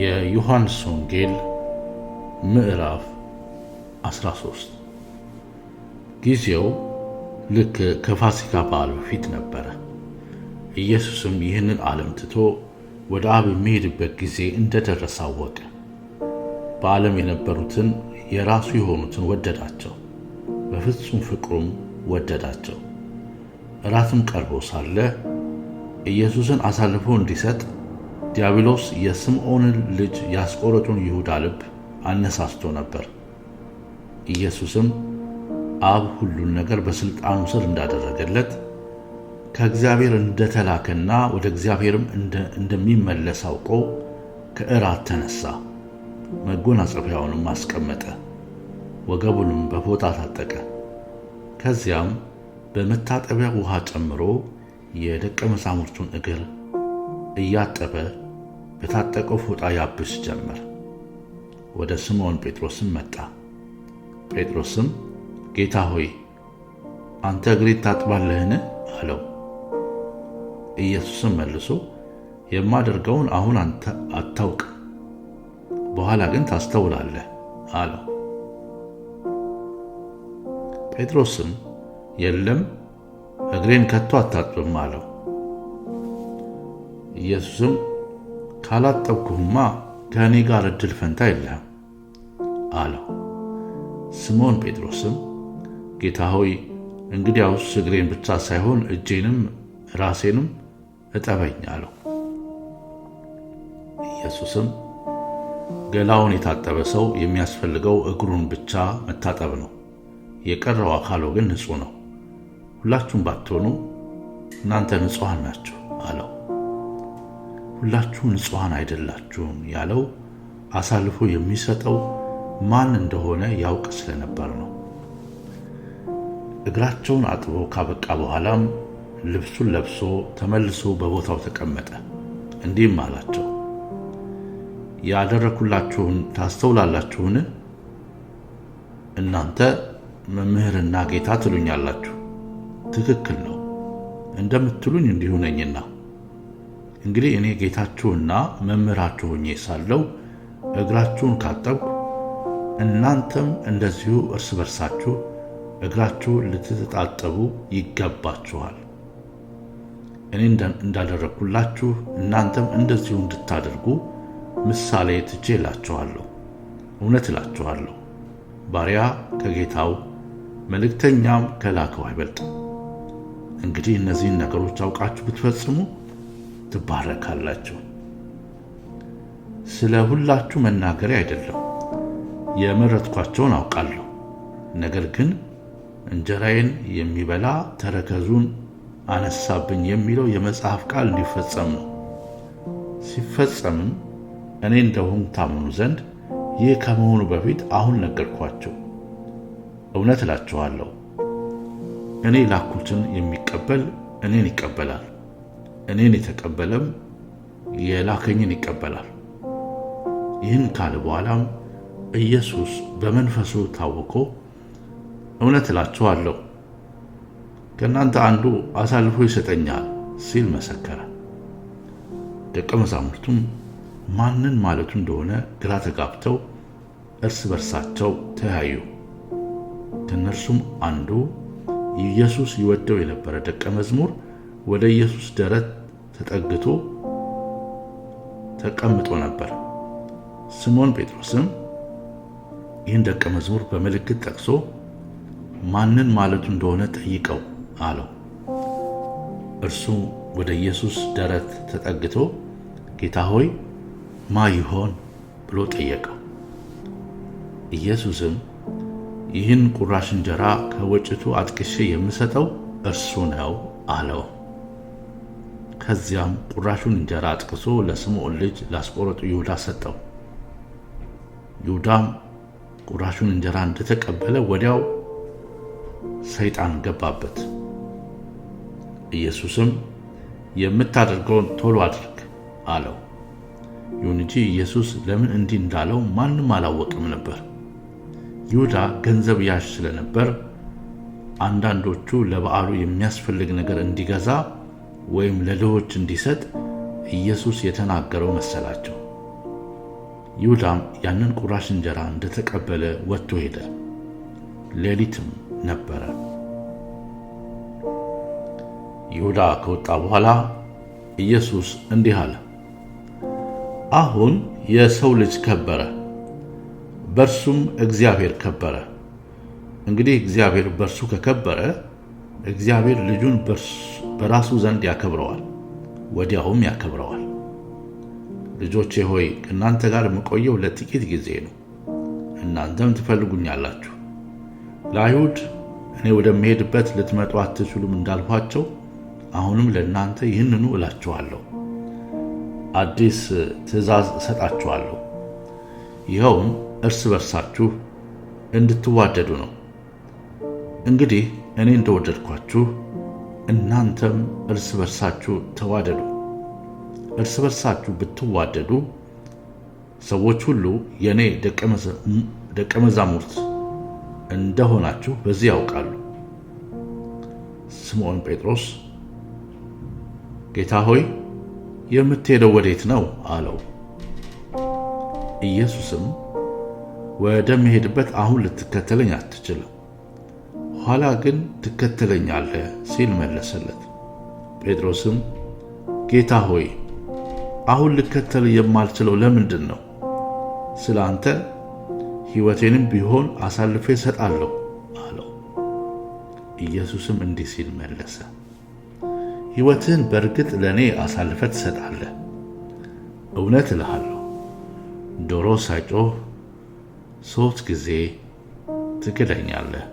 የዮሐንስ ወንጌል ምዕራፍ 13 ጊዜው ልክ ከፋሲካ በዓል በፊት ነበረ። ኢየሱስም ይህንን ዓለም ትቶ ወደ አብ የሚሄድበት ጊዜ እንደደረሰ አወቀ። በዓለም የነበሩትን የራሱ የሆኑትን ወደዳቸው፣ በፍጹም ፍቅሩም ወደዳቸው። እራትም ቀርቦ ሳለ ኢየሱስን አሳልፎ እንዲሰጥ ዲያብሎስ የስምዖንን ልጅ ያስቆረጡን ይሁዳ ልብ አነሳስቶ ነበር። ኢየሱስም አብ ሁሉን ነገር በሥልጣኑ ስር እንዳደረገለት ከእግዚአብሔር እንደተላከና ወደ እግዚአብሔርም እንደሚመለስ አውቆ ከእራት ተነሳ። መጎናጸፊያውንም አስቀመጠ፣ ወገቡንም በፎጣ ታጠቀ። ከዚያም በመታጠቢያ ውሃ ጨምሮ የደቀ መዛሙርቱን እግር እያጠበ በታጠቀው ፎጣ ያብስ ጀመር። ወደ ስምዖን ጴጥሮስም መጣ። ጴጥሮስም ጌታ ሆይ አንተ እግሬን ታጥባለህን? አለው። ኢየሱስም መልሶ የማደርገውን አሁን አንተ አታውቅም፣ በኋላ ግን ታስተውላለህ አለው። ጴጥሮስም የለም እግሬን ከቶ አታጥብም አለው። ኢየሱስም ካላጠብኩህማ ከእኔ ጋር እድል ፈንታ የለህም አለው። ስምዖን ጴጥሮስም ጌታ ሆይ እንግዲያውስ እግሬን ብቻ ሳይሆን እጄንም ራሴንም እጠበኝ አለው። ኢየሱስም ገላውን የታጠበ ሰው የሚያስፈልገው እግሩን ብቻ መታጠብ ነው፣ የቀረው አካሉ ግን ንጹሕ ነው። ሁላችሁም ባትሆኑ እናንተ ንጹሐን ናችሁ። ሁላችሁ ንጹሐን አይደላችሁም ያለው አሳልፎ የሚሰጠው ማን እንደሆነ ያውቅ ስለነበር ነው። እግራቸውን አጥቦ ካበቃ በኋላም ልብሱን ለብሶ ተመልሶ በቦታው ተቀመጠ። እንዲህም አላቸው፣ ያደረግሁላችሁን ታስተውላላችሁን? እናንተ መምህርና ጌታ ትሉኛላችሁ፣ ትክክል ነው። እንደምትሉኝ እንዲሁ ነኝና እንግዲህ እኔ ጌታችሁና መምህራችሁ ሆኜ ሳለሁ እግራችሁን ካጠብኩ እናንተም እንደዚሁ እርስ በርሳችሁ እግራችሁን ልትታጠቡ ይገባችኋል። እኔ እንዳደረግኩላችሁ እናንተም እንደዚሁ እንድታደርጉ ምሳሌ ትቼ እላችኋለሁ። እውነት እላችኋለሁ፣ ባሪያ ከጌታው መልእክተኛም ከላከው አይበልጥም። እንግዲህ እነዚህን ነገሮች አውቃችሁ ብትፈጽሙ ትባረካላችሁ። ስለ ሁላችሁ መናገሬ አይደለም፣ የመረጥኳቸውን አውቃለሁ። ነገር ግን እንጀራዬን የሚበላ ተረከዙን አነሳብኝ የሚለው የመጽሐፍ ቃል እንዲፈጸም ነው። ሲፈጸምም እኔ እንደሆንኩ ታምኑ ዘንድ ይህ ከመሆኑ በፊት አሁን ነገርኳቸው። እውነት እላችኋለሁ፣ እኔ ላኩትን የሚቀበል እኔን ይቀበላል እኔን የተቀበለም የላከኝን ይቀበላል። ይህን ካለ በኋላም ኢየሱስ በመንፈሱ ታውቆ እውነት እላችኋለሁ ከእናንተ አንዱ አሳልፎ ይሰጠኛል ሲል መሰከረ። ደቀ መዛሙርቱም ማንን ማለቱ እንደሆነ ግራ ተጋብተው እርስ በርሳቸው ተያዩ። ከእነርሱም አንዱ ኢየሱስ ይወደው የነበረ ደቀ መዝሙር ወደ ኢየሱስ ደረት ተጠግቶ ተቀምጦ ነበር። ስምዖን ጴጥሮስም ይህን ደቀ መዝሙር በምልክት ጠቅሶ ማንን ማለቱ እንደሆነ ጠይቀው አለው። እርሱ ወደ ኢየሱስ ደረት ተጠግቶ ጌታ ሆይ ማ ይሆን ብሎ ጠየቀው። ኢየሱስም ይህን ቁራሽ እንጀራ ከወጭቱ አጥቅሼ የምሰጠው እርሱ ነው አለው። ከዚያም ቁራሹን እንጀራ አጥቅሶ ለስምዖን ልጅ ላስቆረጡ ይሁዳ ሰጠው። ይሁዳም ቁራሹን እንጀራ እንደተቀበለ ወዲያው ሰይጣን ገባበት። ኢየሱስም የምታደርገውን ቶሎ አድርግ አለው። ይሁን እንጂ ኢየሱስ ለምን እንዲህ እንዳለው ማንም አላወቅም ነበር። ይሁዳ ገንዘብ ያዥ ስለነበር አንዳንዶቹ ለበዓሉ የሚያስፈልግ ነገር እንዲገዛ ወይም ለድሆች እንዲሰጥ ኢየሱስ የተናገረው መሰላቸው። ይሁዳም ያንን ቁራሽ እንጀራ እንደተቀበለ ወጥቶ ሄደ። ሌሊትም ነበረ። ይሁዳ ከወጣ በኋላ ኢየሱስ እንዲህ አለ፣ አሁን የሰው ልጅ ከበረ፣ በእርሱም እግዚአብሔር ከበረ። እንግዲህ እግዚአብሔር በእርሱ ከከበረ፣ እግዚአብሔር ልጁን በእርሱ በራሱ ዘንድ ያከብረዋል፣ ወዲያውም ያከብረዋል። ልጆቼ ሆይ ከእናንተ ጋር የምቆየው ለጥቂት ጊዜ ነው፣ እናንተም ትፈልጉኛላችሁ። ለአይሁድ እኔ ወደምሄድበት ልትመጡ አትችሉም እንዳልኋቸው አሁንም ለእናንተ ይህንኑ እላችኋለሁ። አዲስ ትእዛዝ እሰጣችኋለሁ፣ ይኸውም እርስ በርሳችሁ እንድትዋደዱ ነው። እንግዲህ እኔ እንደወደድኳችሁ እናንተም እርስ በርሳችሁ ተዋደዱ። እርስ በርሳችሁ ብትዋደዱ ሰዎች ሁሉ የእኔ ደቀ መዛሙርት እንደሆናችሁ በዚህ ያውቃሉ። ስምዖን ጴጥሮስ ጌታ ሆይ የምትሄደው ወዴት ነው? አለው። ኢየሱስም ወደምሄድበት አሁን ልትከተለኝ አትችልም ኋላ ግን ትከተለኛለህ ሲል መለሰለት። ጴጥሮስም ጌታ ሆይ አሁን ልከተል የማልችለው ለምንድን ነው? ስለ አንተ ሕይወቴንም ቢሆን አሳልፌ እሰጣለሁ አለው። ኢየሱስም እንዲህ ሲል መለሰ፣ ሕይወትህን በእርግጥ ለእኔ አሳልፈ ትሰጣለህ። እውነት እልሃለሁ ዶሮ ሳይጮህ ሦስት ጊዜ ትክደኛለህ።